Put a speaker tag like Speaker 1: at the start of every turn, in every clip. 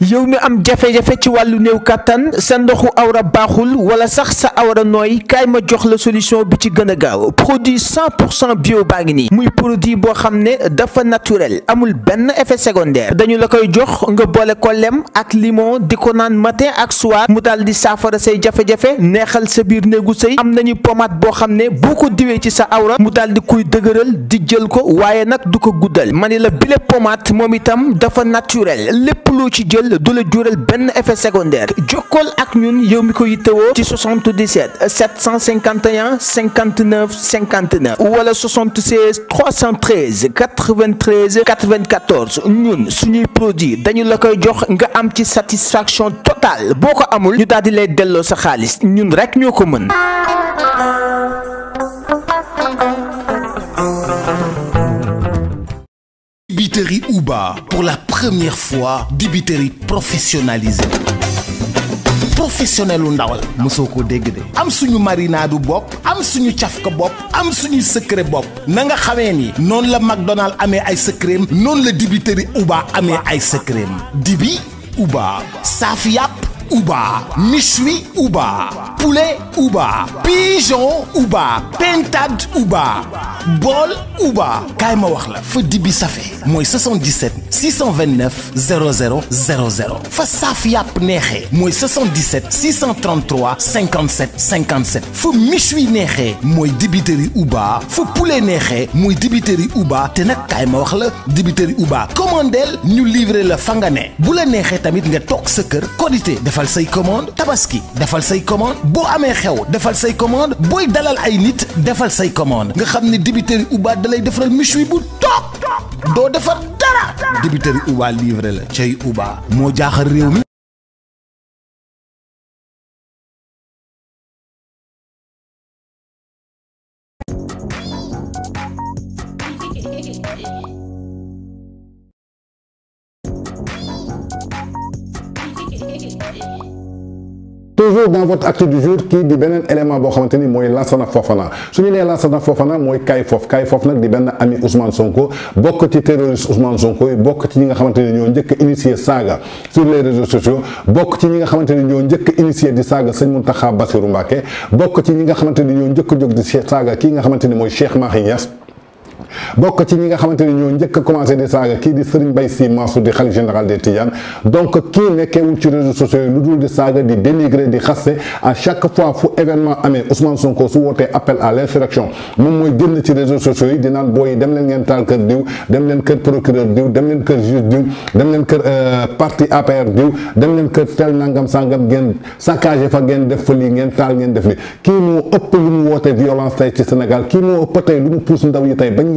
Speaker 1: yow mi am jafé jafé ci walu new katan sa ndoxu awra baxul wala sax sa awra noy kay ma jox la solution bi ci gëna gaaw produit 100 bio baa ngi muy produit bo xamné dafa naturel amul Ben effet secondaire dañu la koy jox nga bolé ko lem ak limon diko nan matin ak soir mu di say jafe jafé neexal sa bir néegu sëy am nañu pommade bo xamné ne ko ci sa awra mu daal di kuy dëgëral di jël ko wayé nak duko guddal bile pommade momitam dafa naturel lepp lu ci de le la jural ben effet secondaire Je ak ñun yow mi ko ci 77 751 59 59 ou wala 76 313 93 94 ñun suñuy produit dañu la koy jox nga am ci satisfaction totale boko amul ñu daldi lay nous sa xaliss ñun rek ñoko
Speaker 2: Dibiterie Uba, pour la première fois, dibiterie professionnalisée. professionnel on musoko la de am suñu marinade Bop, am suñu cafka Bop, am suñu secret Bop. Nanga nga Non le McDonald's la McDonald amé ay secret non la dibiteri Uba amé ice cream, dibi Uba Safiap Ouba, Uba Ouba, Uba poulet Uba pigeon Uba pintade Uba BOL UBA kay ma wax la fa dibi 77 629 0000 fa saaf yàpp 77 633 57 57 fa michui Nehe Moui dibiteri Uba fa poulet neexee mooy dibitëri Uba té nak kaay ma wax la dibitëri oubaa Fangane ñu livrer la fa nga bu la tamit nga tok sa kër defal commande tabaski defal say commande bo amé xew defal say commande Boy dalal ay nit defal commande nga débiteri Uba
Speaker 3: da lay defaral méchoui bu toog doo defar dara débiteri Uba livré la cey Uba moo jaaxal mi
Speaker 4: Thank you.
Speaker 5: toujours dans votre acte du jour qui di beneen élément boo xamante ni mooy Lansana Fofana su ñu nee Lansana Fofana moy Kay Fof Kay Fof nak di ben ami Ousmane Sonko bokk ci terroriste Ousmane Sonko bokk ci ñi nga xamanteni ñoo njëkk a initier saaga sur les réseaux sociaux bokk ci ñi nga xamanteni ñoo njëkk a initier di saga sëñ Moustapha Bassirou Mbacké bokk ci ñi nga xamanteni ñoo njëkk a jóg di saaga kii nga xamanteni moy Cheikh Mahi Niass bokk ci ñi nga xamante ñoo njëkk commencé di saga ki di Serigne Mbaye Sy Mansour di xalif général des tidiane donc kii nekkeewul ci réseaux sociaux yi lu dul di saga di dénigrer di xaste à chaque fois fu événement amé Ousmane Sonko su woté appel à l'insurrection moom moy génn ci réseaux sociaux yi di naan booyi dem leen ngeen tal keur diw dem leen keur procureur diw dem leen keur juge diw dem leen keur parti APR diw dem leen keur tel nangam sangam ngeen saccagé fa ngeen def fa ngeen tal ngeen def li ki mo ëpp lu mu woté violence tay ci Sénégal ki mo ëpp tay lu mu pousse ndaw yi tay bañ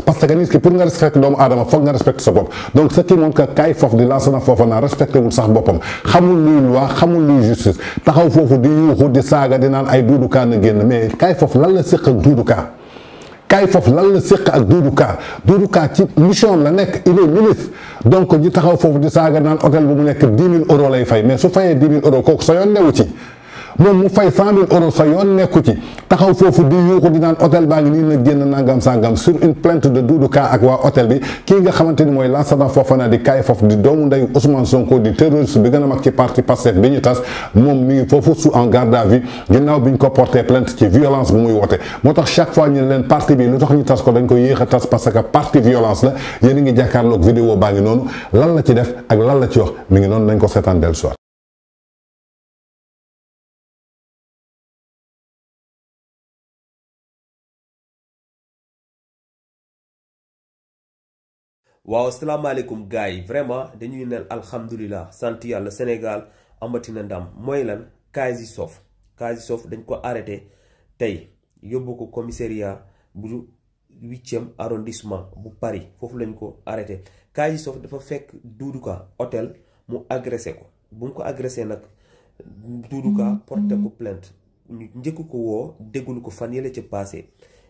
Speaker 5: parce que nit ki pour nga respecter doomu aadama foog nga respecter sa bopp donc ce qui montre que kaay foofu di lancé na foofa naa respecté wul sax boppam xamul luy loi xamul taxaw foofu di yuuxu di saaga di naan ay duudukaa na génn mais kaay foofu lan la séq ak duudukaa kaay foofu lan la séq ak duudukaa duudukaa ci mission la nekk il est donc ñi taxaw foofu di saaga naan hôtel bu mu nekk dix mille euros lay fay mais su fayee di mille euros kooku sa yoon newu ci moom mu fay cent euros sa yoon nekku ci taxaw fofu di yuuxu di nan hotel baa ni na genn nangam sangam sur une plainte de Doudou Ka ak wa hotel bi ki nga xamanteni moy mooy fofu na di kay fofu di doomu nday Ousmane Sonko di terroriste bi gëna mak ci parti Pastef bi ñu tas moom mi ngi fofu sous en garde à vue ginnaaw biñ ko porter plainte ci violence bu muy woote moo chaque fois ñu ne leen parti bi lu tax ñu tass ko dañ ko yéex tass parce que parti violence la yéen ngi ngi ak vidéo baangi nonu lan la ci def ak lan la ci wax mi ngi non nañ ko seetaan del soir
Speaker 3: waaw salaamaaleykum gars yi vraiment dañuy neen alhamdulilah sant yàlla senegal amati na ndam mooy lan Kayz sof Kayz Sof. dañ ko arrêté tey yóbbu ko commissariat bu huitième arrondissement bu Paris fofu lañ ko arrêté Kayz Sof, dafa fekk Doudou Duduka hôtel mu agressé ko bu ko agressé nak Doudou porté ko plainte ñu njëkk ko wo déggul ko fan yële ca passé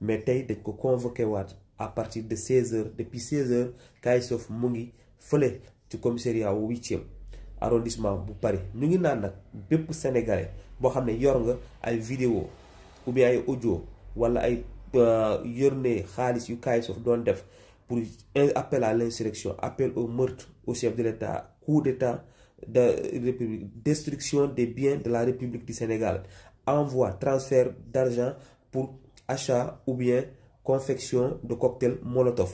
Speaker 3: mais tey dañ ko convoqué waat à partir de 16h depuis 16h Kaisof Mungi, ngi du ci commissariat 8e arrondissement de Paris Nous, ngi naan nag sénégalais Nous avons ne yor nga vidéo ou bien ay audio ou ay euh, yónnee Khalis yu pour un appel à l'insurrection appel au meurtre au chef de l'État coup d'État de république destruction des biens de la République du Sénégal envoi transfert d'argent pour achat ou bien confection de cocktail molotov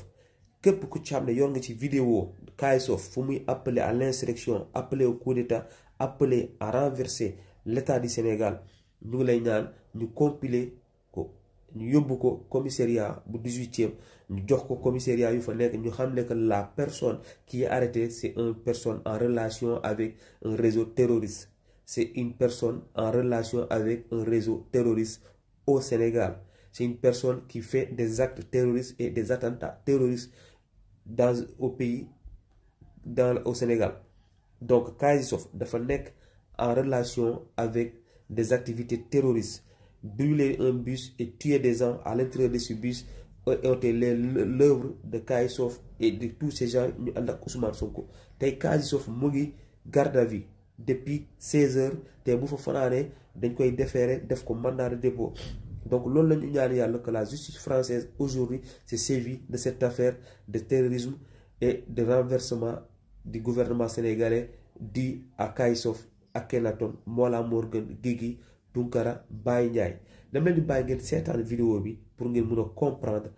Speaker 3: Que ku que xam ne yor nga ci vidéo Kaïssov fu appeler à l'insurrection appeler au coup d'état appeler à renverser l'état du Sénégal Nous, ngi nous compilons. ñu compiler avons ñu commissariat du 18e nous avons ko commissariat yu fa Nous ñu que la personne qui est arrêtée c'est une personne en relation avec un réseau terroriste c'est une personne en relation avec un réseau terroriste au Sénégal c'est une personne qui fait des actes terroristes et des attentats terroristes dans, au pays, dans, au Sénégal. Donc, Kaisisov dafa en relation avec des activités terroristes. Brûler un bus et tuer des gens à l'intérieur de ce bus été l'œuvre de Kaisov et de tous ces gens ñu Ousmane Sonko. Kaisov mu garde à vue depuis 16 heures te bu fa fanaanee dañ koy déférer def ko mandat de dépôt donc loolu la que la justice française aujourd'hui s'est sévie de cette affaire de terrorisme et de renversement du gouvernement sénégalais dit à Kaysof Akhenaton Kenaton, Morgan, Morgan, Gigi, Baye Ndiaye Je leen di bàyyi ngeen vidéo pour que vous comprendre.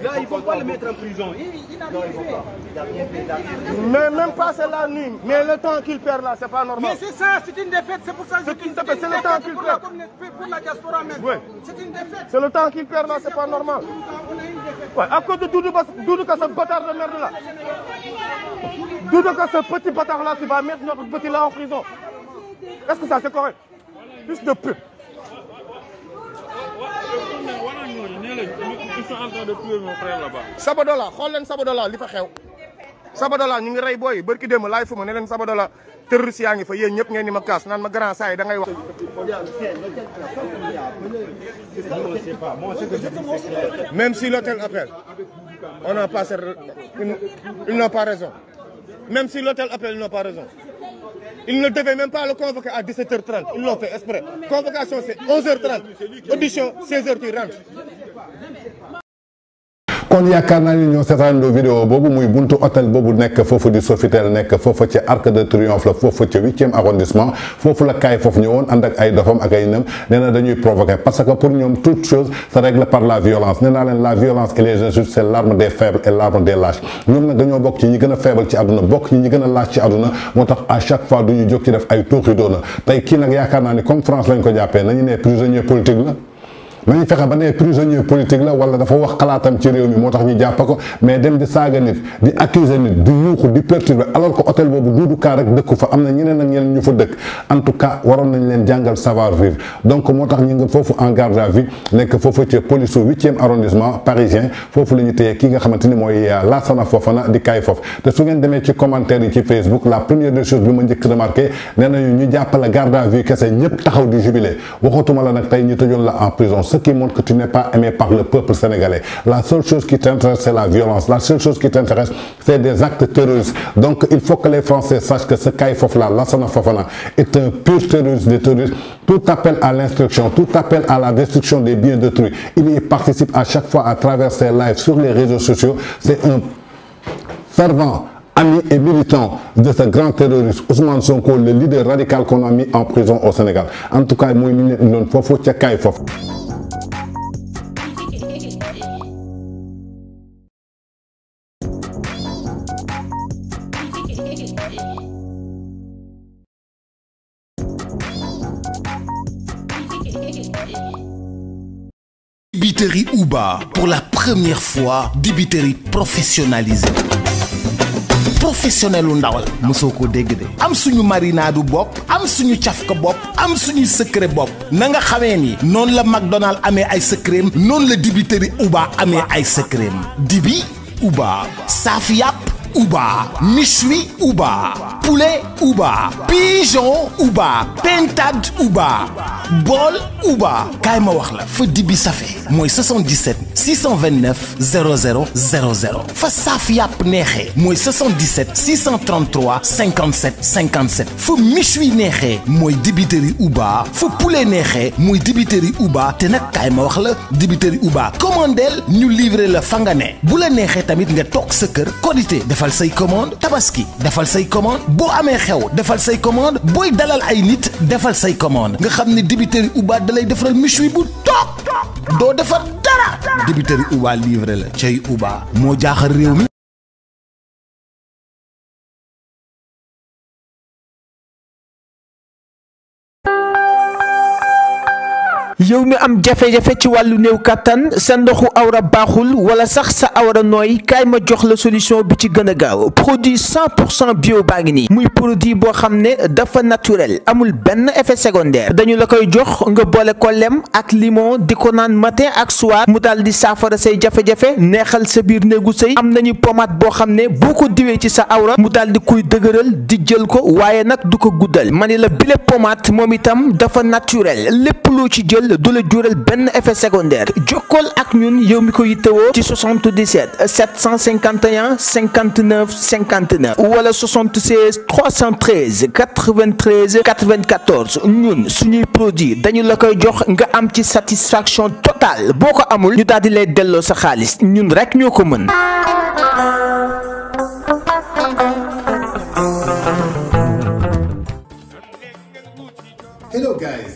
Speaker 3: Là, ils ne vont pas le mettre en
Speaker 1: prison. Il, il n'a fait.
Speaker 4: Mais même pas c'est la Mais le temps qu'il perd là, c'est pas normal. Mais c'est ça, c'est une défaite. C'est pour ça que je dis c'est le temps qu'il perd. Pour la C'est une défaite. C'est le temps qu'il perd là, c'est pas normal. Ouais, à cause de Doudou, Doudou ce bâtard de merde là. Doudou ce petit bâtard là qui va mettre notre petit là en prison. Est-ce que ça c'est correct juste de pute. Sabadola xool leen Sabadola li fa xew. Sabadola ñu ngi rey booy barki démb laay fu ma ne leen Sabadola terroriste yaa ngi fa yéen ñëpp ngeen ni ma kaas naan ma grand saa yi da ngay wax. même si l'hôtel appelle on a passé ils n'ont si l'hôtel appelle ils pas raison. Il ne devait même pas le convoquer à 17h30. Ils l'ont fait exprès. Convocation, c'est 11h30. Audition, 16h, 30
Speaker 5: kon yaakaar naa ni ñoo seetaanandoo vidéo bobu muy buntu hôtel bobu nek fofu di Sofitel nek fofu ci arc de triomphe la fofu ci huitième arrondissement fofu la kay fofu ñewon ànd ak ay dofam ak ay nëm nee dañuy provoquer parce que pour ñom toute chose se règle par la violence nee len la violence et les insultes c'est l'arme des faibles et l'arme des lâches ñom nag dañu bok ci ñi gëna faible ci aduna bok ci ñi gëna a lâche ci aduna motax à chaque fois du ñu jóg ci def ay tuuxi doona tay ki nak yaakaar ni comme France lañ ko jàppee nañu né prisonnier politique la dañuy fexé ba ne prisonnier politique la wala dafa wax xalaatam ci réew mi motax ñu japp ko mais dem di saaga nit di accuser nit di yuuxu di perturber alors que hôtel bobu duudu kaa rek dëkku fa amna ñeneen ak ñeneen ñu fa dëkk en tout cas waron nañ leen jangal savoir vivre donc motax tax ñu nga foofu en garde à vue nek fofu ci police 8e arrondissement parisien fofu lañu ñu ki nga xamante ni mooy euh, Lassana Fofana di kay fofu te su ngeen démé ci commentaire yi ci Facebook la première des choses bi ma njëkk remarqué nee nañu ñu jàppale garde à vue kessé ñëpp taxaw di jubilé waxatuma la nak tay ñu tëjoon la en prison ce qui montre que tu n'es pas aimé par le peuple sénégalais. La seule chose qui t'intéresse, c'est la violence. La seule chose qui t'intéresse, c'est des actes terroristes. Donc, il faut que les Français sachent que ce Kai Lassana Fofana, est un pur terroriste, des terroristes. Tout appel à l'instruction, tout appel à la destruction des biens détruits, il y participe à chaque fois à travers ses lives sur les réseaux sociaux. C'est un fervent ami et militant de ce grand terroriste Ousmane Sonko le leader radical qu'on a mis en prison au Sénégal en tout cas il faut ne
Speaker 2: Dibiterie uba pour la première fois, dibiterie professionnalisée. professionnel on sommes la am suñu marinade bop, am suñu am suñu secret na nga ni la McDonald non ice cream, non le Uba amé ice cream. dibi Uba safi Ouba, Michui Ouba, poulet Ouba, pigeon Ouba, pentad Ouba, bol Ouba. kaay fudibi wax la fa dibi 77 629 00 00 fa sa 77 633 57 57 Fou michui Nehe Moui dibiteri Uba fu poulet Nehe Moui dibiteri Uba te nag dibiteri Uba Commandel nous livrer le fangane. Boule nehe bu la tamit nga tok sa kër commande Tabaski De False commande Bo amecheo. xew defal commande Boy dalal ay De defal commande nga dibiteri Uba dalay defaral miche Bout bu Top Do Defer
Speaker 3: débiteri Uba livré la cey Uba moo jaaxal réew mi yow mi am jafé jafé ci walu new katan
Speaker 1: sa ndoxu awra baxul wala sax sa awra noy kay ma jox la solution bi ci gëna gaaw produit 100 bio Bagni. muy produit bo xamné dafa naturel amul ben effet secondaire dañu la koy jox nga bolé ko lem ak limon diko nan matin ak soir mu daldi di say jafe jafé neexal sa bir negu sey am nañu pommade bo xamné ne diwé ci sa awra mu daldi kuy dëgëral di jël ko wayé nak du ko guddal ma la bile pommade dafa naturel lepp lu ci de du la jural ben effet secondaire Jokol ak ñun yow mi ko yittewoo ci 77 751 59 59 wala 76 313 93 94 ñun suñuy produit dañu la koy jox nga am ci satisfaction totale boko amul ñu daldi lay delloo sa xaalis ñun rek ñoko ko mën.
Speaker 5: Hello guys